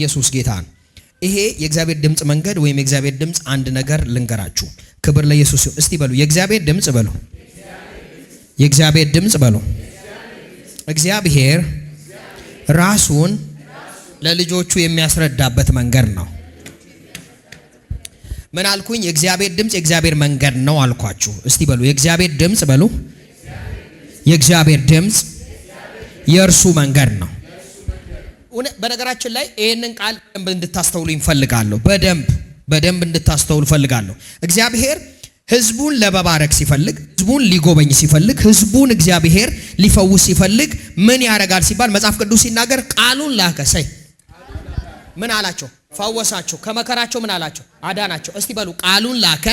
ኢየሱስ ጌታ ነው። ይሄ የእግዚአብሔር ድምፅ መንገድ ወይም የእግዚአብሔር ድምፅ አንድ ነገር ልንገራችሁ። ክብር ለኢየሱስ ይሁን። እስቲ በሉ የእግዚአብሔር ድምፅ በሉ የእግዚአብሔር ድምፅ በሉ። እግዚአብሔር ራሱን ለልጆቹ የሚያስረዳበት መንገድ ነው። ምን አልኩኝ? የእግዚአብሔር ድምፅ የእግዚአብሔር መንገድ ነው አልኳችሁ። እስቲ በሉ የእግዚአብሔር ድምፅ በሉ። የእግዚአብሔር ድምፅ የእርሱ መንገድ ነው። በነገራችን ላይ ይህንን ቃል በደንብ እንድታስተውሉ ይፈልጋለሁ። በደንብ በደንብ እንድታስተውሉ ፈልጋለሁ። እግዚአብሔር ህዝቡን ለመባረክ ሲፈልግ፣ ህዝቡን ሊጎበኝ ሲፈልግ፣ ህዝቡን እግዚአብሔር ሊፈውስ ሲፈልግ ምን ያደርጋል ሲባል መጽሐፍ ቅዱስ ሲናገር ቃሉን ላከ። ሰይ ምን አላቸው? ፈወሳቸው። ከመከራቸው ምን አላቸው? አዳናቸው። እስቲ በሉ ቃሉን ላከ።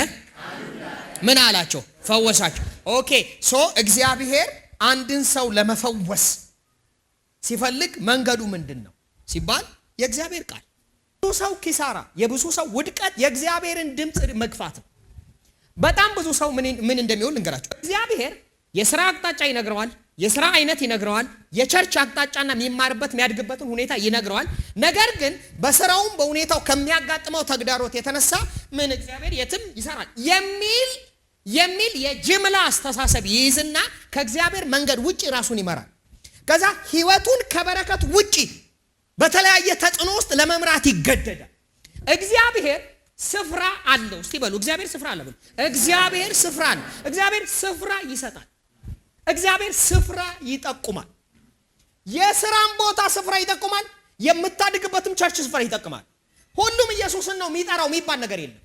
ምን አላቸው? ፈወሳቸው። ኦኬ ሶ እግዚአብሔር አንድን ሰው ለመፈወስ ሲፈልግ መንገዱ ምንድን ነው? ሲባል የእግዚአብሔር ቃል ብዙ ሰው ኪሳራ፣ የብዙ ሰው ውድቀት የእግዚአብሔርን ድምፅ መግፋት ነው። በጣም ብዙ ሰው ምን እንደሚሆን ልንገራቸው። እግዚአብሔር የስራ አቅጣጫ ይነግረዋል፣ የስራ አይነት ይነግረዋል፣ የቸርች አቅጣጫና የሚማርበት የሚያድግበትን ሁኔታ ይነግረዋል። ነገር ግን በስራውም በሁኔታው ከሚያጋጥመው ተግዳሮት የተነሳ ምን እግዚአብሔር የትም ይሰራል የሚል የሚል የጅምላ አስተሳሰብ ይይዝና ከእግዚአብሔር መንገድ ውጭ ራሱን ይመራል። ከዛ ህይወቱን ከበረከት ውጭ በተለያየ ተጽዕኖ ውስጥ ለመምራት ይገደዳል። እግዚአብሔር ስፍራ አለው። እስቲ በሉ እግዚአብሔር ስፍራ አለ በሉ። እግዚአብሔር ስፍራ አለ። እግዚአብሔር ስፍራ ይሰጣል። እግዚአብሔር ስፍራ ይጠቁማል። የስራም ቦታ ስፍራ ይጠቁማል። የምታድግበትም ቸርች ስፍራ ይጠቅማል። ሁሉም ኢየሱስን ነው የሚጠራው የሚባል ነገር የለም።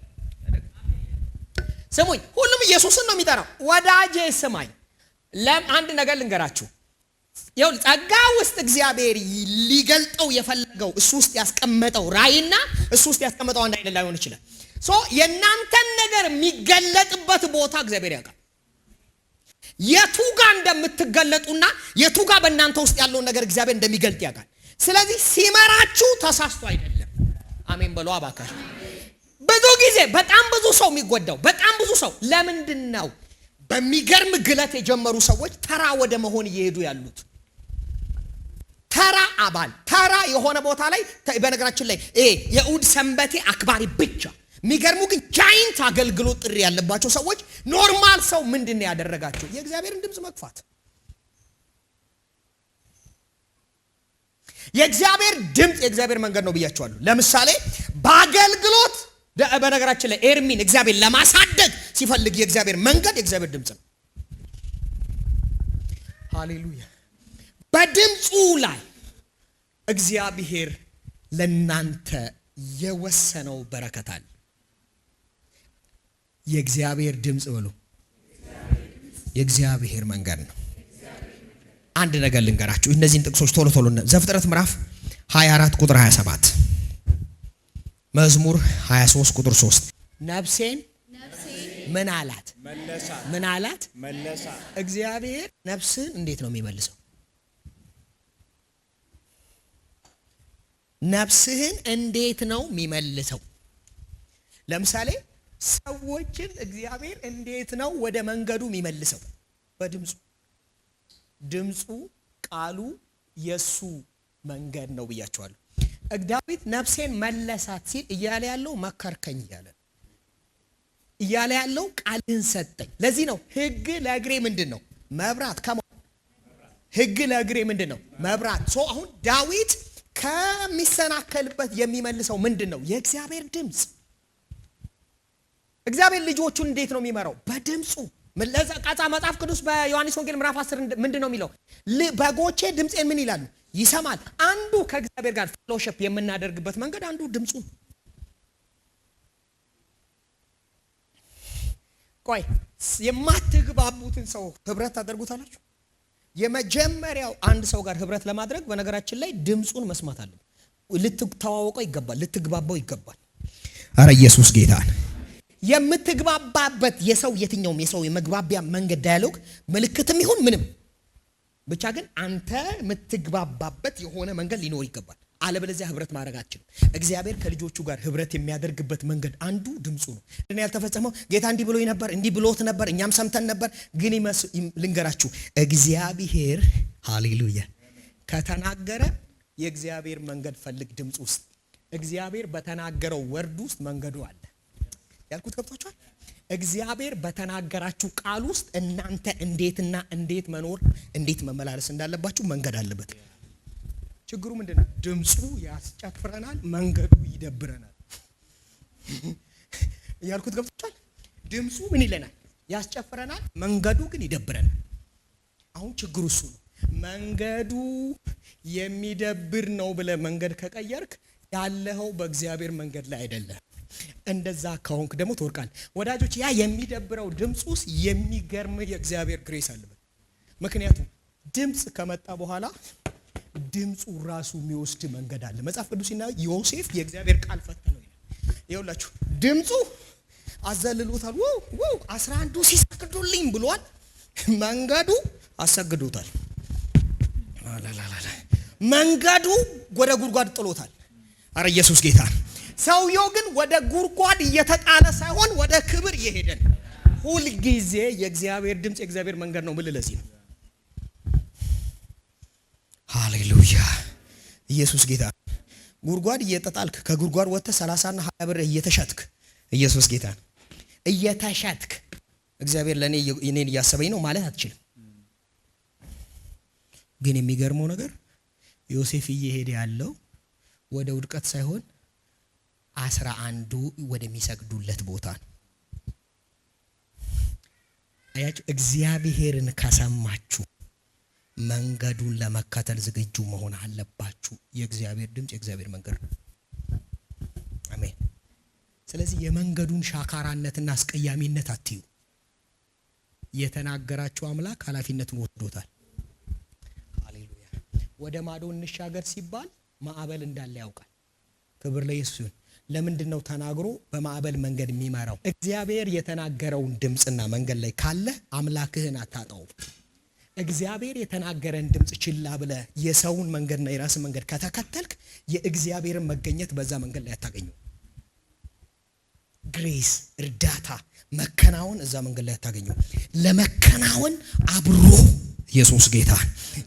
ስሙኝ፣ ሁሉም ኢየሱስን ነው የሚጠራው። ወዳጄ ስማኝ፣ አንድ ነገር ልንገራችሁ። ያው ጸጋ ውስጥ እግዚአብሔር ሊገልጠው የፈለገው እሱ ውስጥ ያስቀመጠው ራእይና እሱ ውስጥ ያስቀመጠው አንድ አይነት ላይሆን ይችላል። ሶ የእናንተን ነገር የሚገለጥበት ቦታ እግዚአብሔር ያውቃል። የቱ ጋር እንደምትገለጡና የቱ ጋር በእናንተ ውስጥ ያለውን ነገር እግዚአብሔር እንደሚገልጥ ያውቃል። ስለዚህ ሲመራችሁ ተሳስቶ አይደለም። አሜን በሎ አባካሽ ብዙ ጊዜ በጣም ብዙ ሰው የሚጎዳው በጣም ብዙ ሰው ለምንድን ነው በሚገርም ግለት የጀመሩ ሰዎች ተራ ወደ መሆን እየሄዱ ያሉት ተራ አባል ተራ የሆነ ቦታ ላይ በነገራችን ላይ የእሁድ ሰንበቴ አክባሪ ብቻ የሚገርሙ ግን ጃይንት አገልግሎት ጥሪ ያለባቸው ሰዎች ኖርማል ሰው ምንድን ነው ያደረጋቸው? የእግዚአብሔርን ድምፅ መግፋት። የእግዚአብሔር ድምፅ የእግዚአብሔር መንገድ ነው ብያቸዋለሁ። ለምሳሌ በአገልግሎት በነገራችን ላይ ኤርሚን እግዚአብሔር ለማሳደግ ሲፈልግ የእግዚአብሔር መንገድ የእግዚአብሔር ድምፅ ነው። ሃሌሉያ! በድምፁ ላይ እግዚአብሔር ለናንተ የወሰነው በረከት አለ። የእግዚአብሔር ድምፅ ብሎ የእግዚአብሔር መንገድ ነው። አንድ ነገር ልንገራችሁ፣ እነዚህን ጥቅሶች ቶሎ ቶሎ ዘፍጥረት ምዕራፍ 24 ቁጥር 27 መዝሙር 23 ቁጥር 3 ነፍሴን ምን አላት? ምን አላት? እግዚአብሔር ነፍስን እንዴት ነው የሚመልሰው? ነፍስህን እንዴት ነው የሚመልሰው? ለምሳሌ ሰዎችን እግዚአብሔር እንዴት ነው ወደ መንገዱ የሚመልሰው? በድምፁ ድምፁ ቃሉ የእሱ መንገድ ነው ብያቸዋለሁ። ዳዊት ነፍሴን መለሳት ሲል እያለ ያለው መከርከኝ እያለ ነው እያለ ያለው ቃልህን ሰጠኝ። ለዚህ ነው ህግ ለእግሬ ምንድን ነው መብራት ከማ ህግ ለእግሬ ምንድን ነው መብራት። ሶ አሁን ዳዊት ከሚሰናከልበት የሚመልሰው ምንድን ነው? የእግዚአብሔር ድምፅ። እግዚአብሔር ልጆቹን እንዴት ነው የሚመራው? በድምፁ ቃጻ መጽሐፍ ቅዱስ በዮሐንስ ወንጌል ምዕራፍ 10 ምንድን ነው የሚለው? በጎቼ ድምፄን ምን ይላሉ ይሰማል። አንዱ ከእግዚአብሔር ጋር ፌሎሽፕ የምናደርግበት መንገድ አንዱ ድምፁ። ቆይ የማትግባቡትን ሰው ህብረት ታደርጉታላችሁ። የመጀመሪያው አንድ ሰው ጋር ህብረት ለማድረግ በነገራችን ላይ ድምፁን መስማት አለብን። ልትተዋወቀው ይገባል። ልትግባባው ይገባል። አረ ኢየሱስ ጌታን የምትግባባበት የሰው የትኛውም የሰው የመግባቢያ መንገድ ዳያሎግ ምልክትም ይሁን ምንም ብቻ ግን አንተ የምትግባባበት የሆነ መንገድ ሊኖር ይገባል። አለበለዚያ ህብረት ማድረግ አችልም። እግዚአብሔር ከልጆቹ ጋር ህብረት የሚያደርግበት መንገድ አንዱ ድምፁ ነው። ያልተፈጸመው ጌታ እንዲህ ብሎኝ ነበር፣ እንዲህ ብሎት ነበር፣ እኛም ሰምተን ነበር። ግን ልንገራችሁ፣ እግዚአብሔር ሃሌሉያ ከተናገረ የእግዚአብሔር መንገድ ፈልግ ድምፅ ውስጥ እግዚአብሔር በተናገረው ወርድ ውስጥ መንገዱ አለ። ያልኩት ገብቷችኋል? እግዚአብሔር በተናገራችሁ ቃል ውስጥ እናንተ እንዴትና እንዴት መኖር እንዴት መመላለስ እንዳለባችሁ መንገድ አለበት። ችግሩ ምንድን ነው? ድምፁ ያስጨፍረናል፣ መንገዱ ይደብረናል። እያልኩት ገብቶቻል። ድምፁ ምን ይለናል? ያስጨፍረናል፣ መንገዱ ግን ይደብረናል። አሁን ችግሩ እሱ ነው። መንገዱ የሚደብር ነው ብለህ መንገድ ከቀየርክ ያለኸው በእግዚአብሔር መንገድ ላይ አይደለም። እንደዛ ከሆንክ ደግሞ ትወርቃል። ወዳጆች ያ የሚደብረው ድምፅ ውስጥ የሚገርም የእግዚአብሔር ግሬስ አለበት። ምክንያቱም ድምፅ ከመጣ በኋላ ድምፁ ራሱ የሚወስድ መንገድ አለ። መጽሐፍ ቅዱስ ሲናገር ዮሴፍ የእግዚአብሔር ቃል ፈተነው ይላል። ይኸውላችሁ ድምፁ አዘልሎታል። ወው ወው አስራ አንዱ ሲሰግዱልኝ ብሏል። መንገዱ አሰግዶታል። መንገዱ ወደ ጉድጓድ ጥሎታል። አረ ኢየሱስ ጌታ ሰውየው ግን ወደ ጉድጓድ እየተጣለ ሳይሆን ወደ ክብር እየሄደን ሁልጊዜ የእግዚአብሔር ድምፅ የእግዚአብሔር መንገድ ነው። ምን ለዚህ ነው። ሃሌሉያ ኢየሱስ ጌታ። ጉርጓድ እየተጣልክ ከጉድጓድ ወጥተህ ሰላሳና ሀያ ብር እየተሸጥክ ኢየሱስ ጌታ ነው እየተሸጥክ እግዚአብሔር ለእኔ እኔን እያሰበኝ ነው ማለት አትችልም። ግን የሚገርመው ነገር ዮሴፍ እየሄደ ያለው ወደ ውድቀት ሳይሆን አስራ አንዱ ወደሚሰግዱለት ቦታ ነው። አያችሁ፣ እግዚአብሔርን ከሰማችሁ መንገዱን ለመከተል ዝግጁ መሆን አለባችሁ። የእግዚአብሔር ድምፅ የእግዚአብሔር መንገድ ነው። አሜን። ስለዚህ የመንገዱን ሻካራነትና አስቀያሚነት አትዩ። የተናገራችሁ አምላክ ኃላፊነቱን ወስዶታል። ሃሌሉያ። ወደ ማዶ እንሻገር ሲባል ማዕበል እንዳለ ያውቃል። ክብር ለኢየሱስ ይሁን። ለምንድን ነው ተናግሮ በማዕበል መንገድ የሚመራው? እግዚአብሔር የተናገረውን ድምፅና መንገድ ላይ ካለ አምላክህን አታጣው እግዚአብሔር የተናገረን ድምፅ ችላ ብለ የሰውን መንገድና የራስ መንገድ ከተከተልክ የእግዚአብሔርን መገኘት በዛ መንገድ ላይ አታገኙ። ግሬስ እርዳታ፣ መከናወን እዛ መንገድ ላይ አታገኙ። ለመከናወን አብሮ ኢየሱስ ጌታ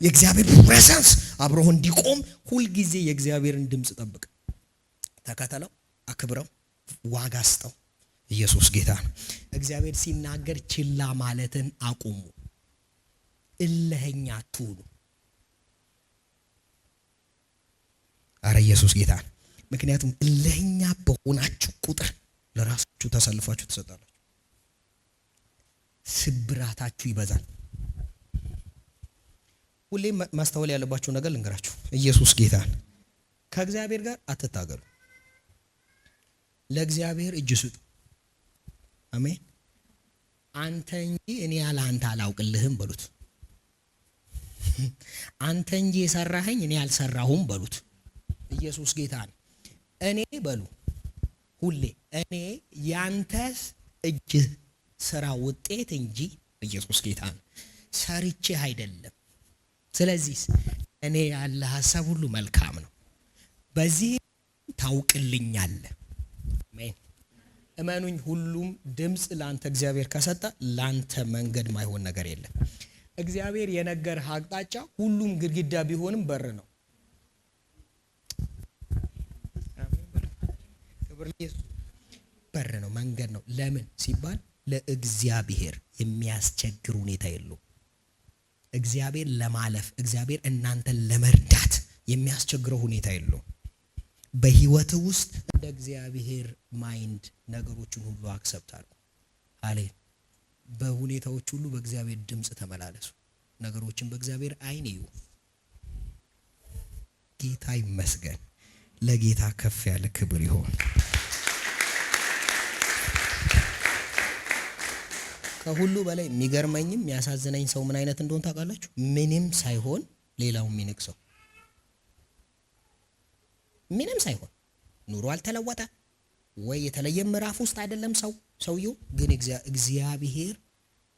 የእግዚአብሔር ፕሬዘንስ አብሮህ እንዲቆም ሁልጊዜ የእግዚአብሔርን ድምፅ ጠብቅ፣ ተከተለው። አክብረው፣ ዋጋ አስጠው። ኢየሱስ ጌታ ነው። እግዚአብሔር ሲናገር ችላ ማለትን አቁሙ። እልኸኛ ትሁኑ። አረ ኢየሱስ ጌታ ነው። ምክንያቱም እልኸኛ በሆናችሁ ቁጥር ለራሳችሁ ተሰልፋችሁ ትሰጣላችሁ። ስብራታችሁ ይበዛል። ሁሌም ማስተዋል ያለባችሁ ነገር ልንገራችሁ፣ ኢየሱስ ጌታን ከእግዚአብሔር ጋር አትታገሉ። ለእግዚአብሔር እጅ ስጡ። አሜን። አንተ እንጂ እኔ ያለ አንተ አላውቅልህም በሉት። አንተ እንጂ የሰራኸኝ እኔ አልሰራሁም በሉት። ኢየሱስ ጌታ ነው። እኔ በሉ ሁሌ እኔ ያንተስ እጅ ስራ ውጤት እንጂ ኢየሱስ ጌታ ነው፣ ሰርቼ አይደለም። ስለዚህ እኔ ያለ ሀሳብ ሁሉ መልካም ነው፣ በዚህ ታውቅልኛለህ። አሜን። እመኑኝ ሁሉም ድምፅ ለአንተ እግዚአብሔር ከሰጠ ለአንተ መንገድ ማይሆን ነገር የለም። እግዚአብሔር የነገር አቅጣጫ ሁሉም ግድግዳ ቢሆንም በር ነው። በር ነው፣ መንገድ ነው። ለምን ሲባል ለእግዚአብሔር የሚያስቸግር ሁኔታ የለው እግዚአብሔር ለማለፍ እግዚአብሔር እናንተን ለመርዳት የሚያስቸግረው ሁኔታ የለው። በህይወት ውስጥ እንደ እግዚአብሔር ማይንድ ነገሮችን ሁሉ አክሰብት አድርጉ። አሌ በሁኔታዎች ሁሉ በእግዚአብሔር ድምፅ ተመላለሱ። ነገሮችን በእግዚአብሔር አይን እዩ። ጌታ ይመስገን። ለጌታ ከፍ ያለ ክብር ይሆን። ከሁሉ በላይ የሚገርመኝም የሚያሳዝነኝ ሰው ምን አይነት እንደሆን ታውቃላችሁ? ምንም ሳይሆን ሌላው የሚንቅ ሰው ምንም ሳይሆን ኑሮ አልተለወጠ ወይ የተለየ ምዕራፍ ውስጥ አይደለም ሰው ሰውየው ግን እግዚአብሔር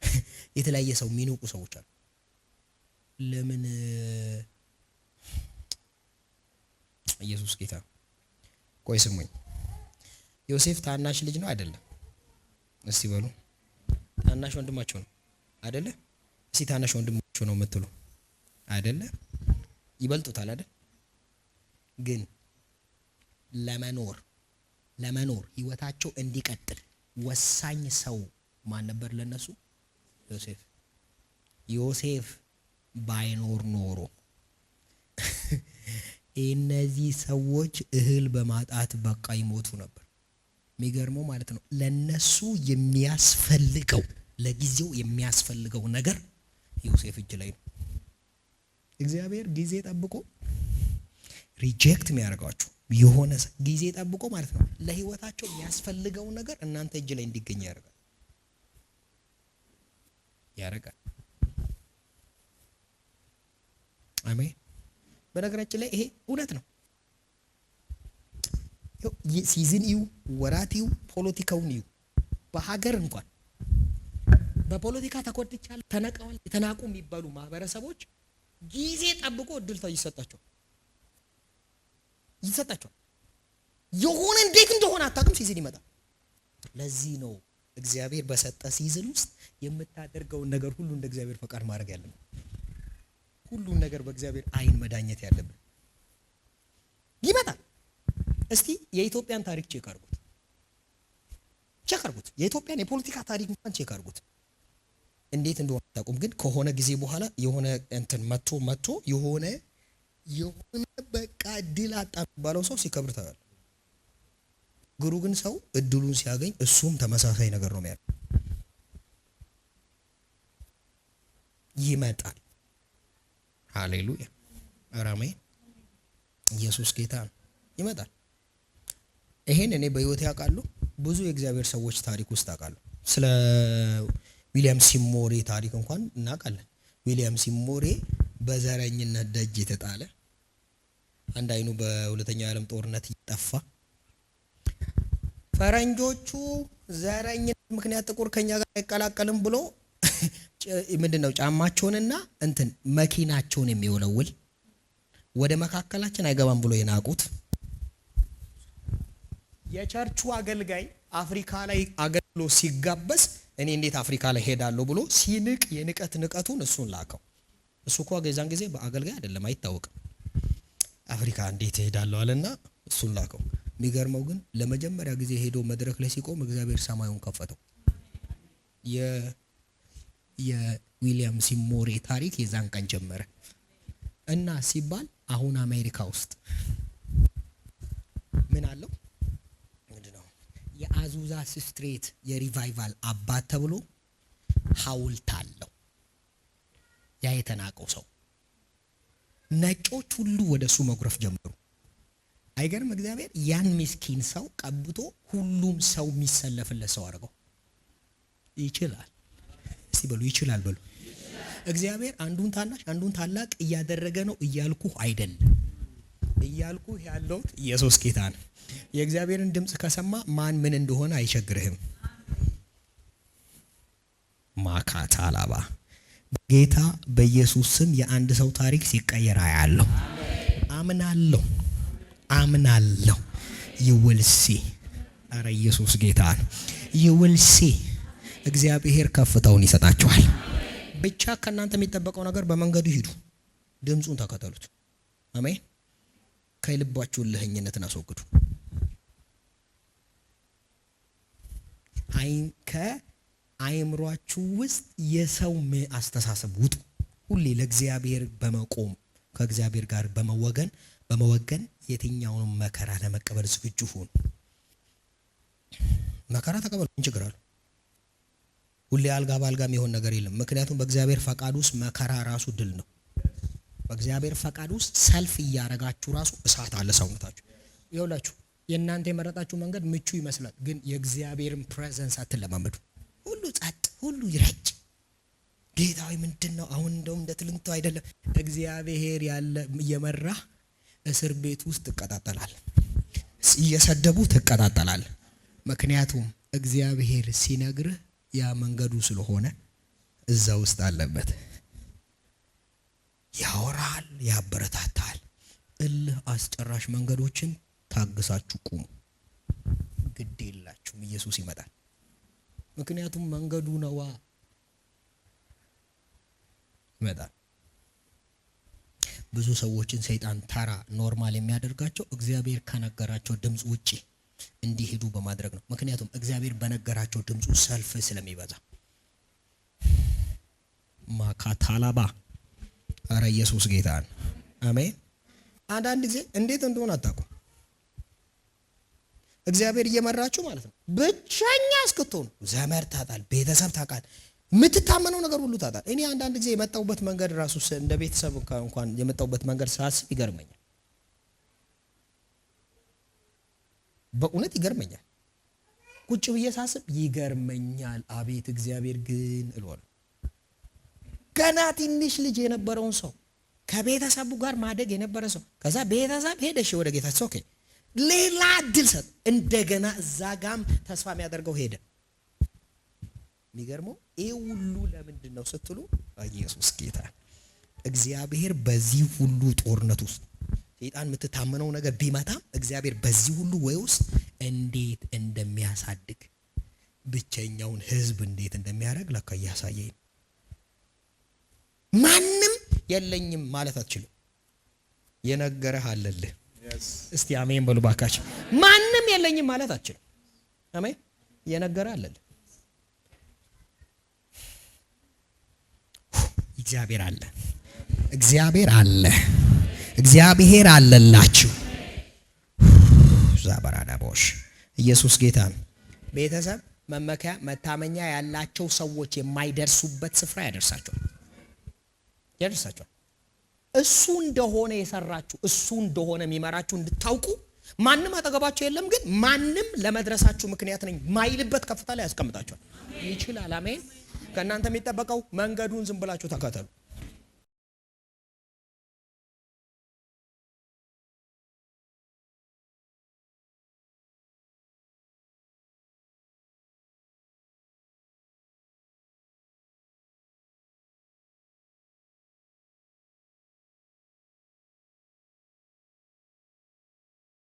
የተለያየ ሰው የሚንቁ ሰዎች አሉ። ለምን ኢየሱስ ጌታ ቆይ ስሙኝ። ዮሴፍ ታናሽ ልጅ ነው አይደለም? እስቲ በሉ ታናሽ ወንድማቸው ነው አይደለ? እስቲ ታናሽ ወንድማቸው ነው የምትሉ አይደለ? ይበልጡታል አይደል? ግን ለመኖር ለመኖር ህይወታቸው እንዲቀጥል ወሳኝ ሰው ማን ነበር? ለነሱ ዮሴፍ። ዮሴፍ ባይኖር ኖሮ እነዚህ ሰዎች እህል በማጣት በቃ ይሞቱ ነበር። የሚገርመው ማለት ነው ለነሱ የሚያስፈልገው ለጊዜው የሚያስፈልገው ነገር ዮሴፍ እጅ ላይ ነው። እግዚአብሔር ጊዜ ጠብቆ ሪጀክት የሚያደርጋችሁ የሆነ ጊዜ ጠብቆ ማለት ነው ለህይወታቸው የሚያስፈልገውን ነገር እናንተ እጅ ላይ እንዲገኝ ያደርጋል ያደርጋል። አሜን። በነገራችን ላይ ይሄ እውነት ነው። ሲዝን ይዩ፣ ወራት ይዩ፣ ፖለቲካውን ይዩ። በሀገር እንኳን በፖለቲካ ተኮድቻል ተነቀዋል፣ የተናቁ የሚባሉ ማህበረሰቦች ጊዜ ጠብቆ እድል ይሰጣቸዋል። ይሰጣቸዋል። የሆነ እንዴት እንደሆነ አታውቅም፣ ሲዝን ይመጣል። ለዚህ ነው እግዚአብሔር በሰጠ ሲዝን ውስጥ የምታደርገውን ነገር ሁሉ እንደ እግዚአብሔር ፈቃድ ማድረግ ያለብን፣ ሁሉን ነገር በእግዚአብሔር አይን መዳኘት ያለብን። ይመጣል። እስቲ የኢትዮጵያን ታሪክ ቼክ አድርጉት፣ ቼክ አድርጉት። የኢትዮጵያን የፖለቲካ ታሪክ እንኳን ቼክ አድርጉት። እንዴት እንደሆነ አታውቁም፣ ግን ከሆነ ጊዜ በኋላ የሆነ እንትን መቶ መቶ የሆነ የሆነ በቃ እድል አጣ የሚባለው ሰው ሲከብር ታያለህ። ግሩ ግን ሰው እድሉን ሲያገኝ እሱም ተመሳሳይ ነገር ነው የሚያደርገው። ይመጣል። ሃሌሉያ አራሜ ኢየሱስ ጌታ ነው። ይመጣል። ይሄን እኔ በህይወት ያውቃሉ ብዙ የእግዚአብሔር ሰዎች ታሪክ ውስጥ አውቃሉ። ስለ ዊሊያም ሲሞሬ ታሪክ እንኳን እናውቃለን። ዊሊያም ሲሞሬ በዘረኝነት ደጅ የተጣለ አንድ አይኑ በሁለተኛው የዓለም ጦርነት ይጠፋ። ፈረንጆቹ ዘረኝነት ምክንያት ጥቁር ከኛ ጋር አይቀላቀልም ብሎ ምንድን ነው ጫማቸውንና እንትን መኪናቸውን የሚወለውል ወደ መካከላችን አይገባም ብሎ የናቁት የቸርቹ አገልጋይ አፍሪካ ላይ አገልግሎ ሲጋበዝ እኔ እንዴት አፍሪካ ላይ ሄዳለሁ ብሎ ሲንቅ የንቀት ንቀቱን እሱን ላከው። እሱ እኮ የዛን ጊዜ በአገልጋይ አይደለም አይታወቅም። አፍሪካ እንዴት እሄዳለሁ አለና እሱን ላከው። የሚገርመው ግን ለመጀመሪያ ጊዜ ሄዶ መድረክ ላይ ሲቆም እግዚአብሔር ሰማዩን ከፈተው። የዊሊያም ሲሞሬ ታሪክ የዛን ቀን ጀመረ እና ሲባል አሁን አሜሪካ ውስጥ ምን አለው ምንድነው የአዙዛስ ስትሬት የሪቫይቫል አባት ተብሎ ሀውልት አለው ያ የተናቀው ሰው ነጮች ሁሉ ወደ እሱ መጉረፍ ጀመሩ። አይገርም? እግዚአብሔር ያን ምስኪን ሰው ቀብቶ ሁሉም ሰው የሚሰለፍለት ሰው አድርገው ይችላል። እስቲ በሉ ይችላል በሉ። እግዚአብሔር አንዱን ታናሽ አንዱን ታላቅ እያደረገ ነው እያልኩ አይደለም እያልኩ ያለሁት ኢየሱስ ጌታ ነው። የእግዚአብሔርን ድምፅ ከሰማ ማን ምን እንደሆነ አይቸግርህም። ማካታ አላባ ጌታ በኢየሱስ ስም የአንድ ሰው ታሪክ ሲቀየር አያለሁ። አምናለሁ፣ አምናለሁ። ይውልሲ አረ ኢየሱስ ጌታ ነው። ይውልሲ እግዚአብሔር ከፍታውን ይሰጣችኋል። ብቻ ከእናንተ የሚጠበቀው ነገር በመንገዱ ሂዱ፣ ድምፁን ተከተሉት። አሜን። ከልባችሁ ልህኝነትን አስወግዱ። አይንከ አይምሯችሁ ውስጥ የሰው አስተሳሰብ ውጡ። ሁሌ ለእግዚአብሔር በመቆም ከእግዚአብሔር ጋር በመወገን በመወገን የትኛውንም መከራ ለመቀበል ዝግጁ ሁኑ። መከራ ተቀበሉ፣ ምን ችግር አለው? ሁሌ አልጋ በአልጋ የሚሆን ነገር የለም። ምክንያቱም በእግዚአብሔር ፈቃድ ውስጥ መከራ ራሱ ድል ነው። በእግዚአብሔር ፈቃድ ውስጥ ሰልፍ እያረጋችሁ ራሱ እሳት አለ ሰውነታችሁ። ይኸውላችሁ የእናንተ የመረጣችሁ መንገድ ምቹ ይመስላል፣ ግን የእግዚአብሔርን ፕሬዘንስ አትለማመዱ። ሁሉ ጸጥ፣ ሁሉ ይረጭ። ጌታዊ ምንድን ነው አሁን? እንደውም እንደ ትልንቶ አይደለም። እግዚአብሔር ያለ እየመራ እስር ቤት ውስጥ ትቀጣጠላል፣ እየሰደቡ ትቀጣጠላል። ምክንያቱም እግዚአብሔር ሲነግርህ ያ መንገዱ ስለሆነ እዛ ውስጥ አለበት። ያወራል፣ ያበረታታል። እልህ አስጨራሽ መንገዶችን ታግሳችሁ ቁሙ፣ ግድ የላችሁም። ኢየሱስ ይመጣል። ምክንያቱም መንገዱ ነዋ። ይመጣል ብዙ ሰዎችን ሰይጣን ተራ ኖርማል የሚያደርጋቸው እግዚአብሔር ከነገራቸው ድምፅ ውጪ እንዲሄዱ በማድረግ ነው። ምክንያቱም እግዚአብሔር በነገራቸው ድምፁ ሰልፍ ስለሚበዛ ማካታላባ አረ ኢየሱስ ጌታን አሜን። አንዳንድ ጊዜ እንዴት እንደሆነ አታውቁም። እግዚአብሔር እየመራችሁ ማለት ነው። ብቸኛ እስክትሆኑ ዘመድ ታጣል፣ ቤተሰብ ታቃል የምትታመነው ነገር ሁሉ ታጣል። እኔ አንዳንድ ጊዜ የመጣሁበት መንገድ ራሱ እንደ ቤተሰብ እንኳን የመጣሁበት መንገድ ሳስብ ይገርመኛል። በእውነት ይገርመኛል። ቁጭ ብዬ ሳስብ ይገርመኛል። አቤት እግዚአብሔር ግን እልሆነ ገና ትንሽ ልጅ የነበረውን ሰው ከቤተሰቡ ጋር ማደግ የነበረ ሰው ከዛ ቤተሰብ ሄደሽ ወደ ጌታቸው ኦኬ ሌላ እድል ሰጥ እንደገና እዛ ጋም ተስፋ የሚያደርገው ሄደ። የሚገርመው ይህ ሁሉ ለምንድን ነው ስትሉ ኢየሱስ ጌታ እግዚአብሔር በዚህ ሁሉ ጦርነት ውስጥ ሰይጣን የምትታመነው ነገር ቢመታም እግዚአብሔር በዚህ ሁሉ ወይ ውስጥ እንዴት እንደሚያሳድግ ብቸኛውን ህዝብ እንዴት እንደሚያደርግ ለካ እያሳየኝ ማንም የለኝም ማለት አትችልም። የነገረህ አለልህ እስቲ አሜን በሉ ባካች። ማንም የለኝም ማለት አችል። አሜን እየነገረ አለል እግዚአብሔር አለ፣ እግዚአብሔር አለ፣ እግዚአብሔር አለላችሁ። ዛበራዳቦሽ ኢየሱስ ጌታ ነው። ቤተሰብ መመኪያ መታመኛ ያላቸው ሰዎች የማይደርሱበት ስፍራ ያደርሳቸዋል፣ ያደርሳቸዋል። እሱ እንደሆነ የሰራችሁ እሱ እንደሆነ የሚመራችሁ እንድታውቁ ማንም አጠገባቸው የለም፣ ግን ማንም ለመድረሳችሁ ምክንያት ነኝ ማይልበት ከፍታ ላይ ያስቀምጣቸዋል። ይችላል። አሜን። ከእናንተ የሚጠበቀው መንገዱን ዝም ብላችሁ ተከተሉ።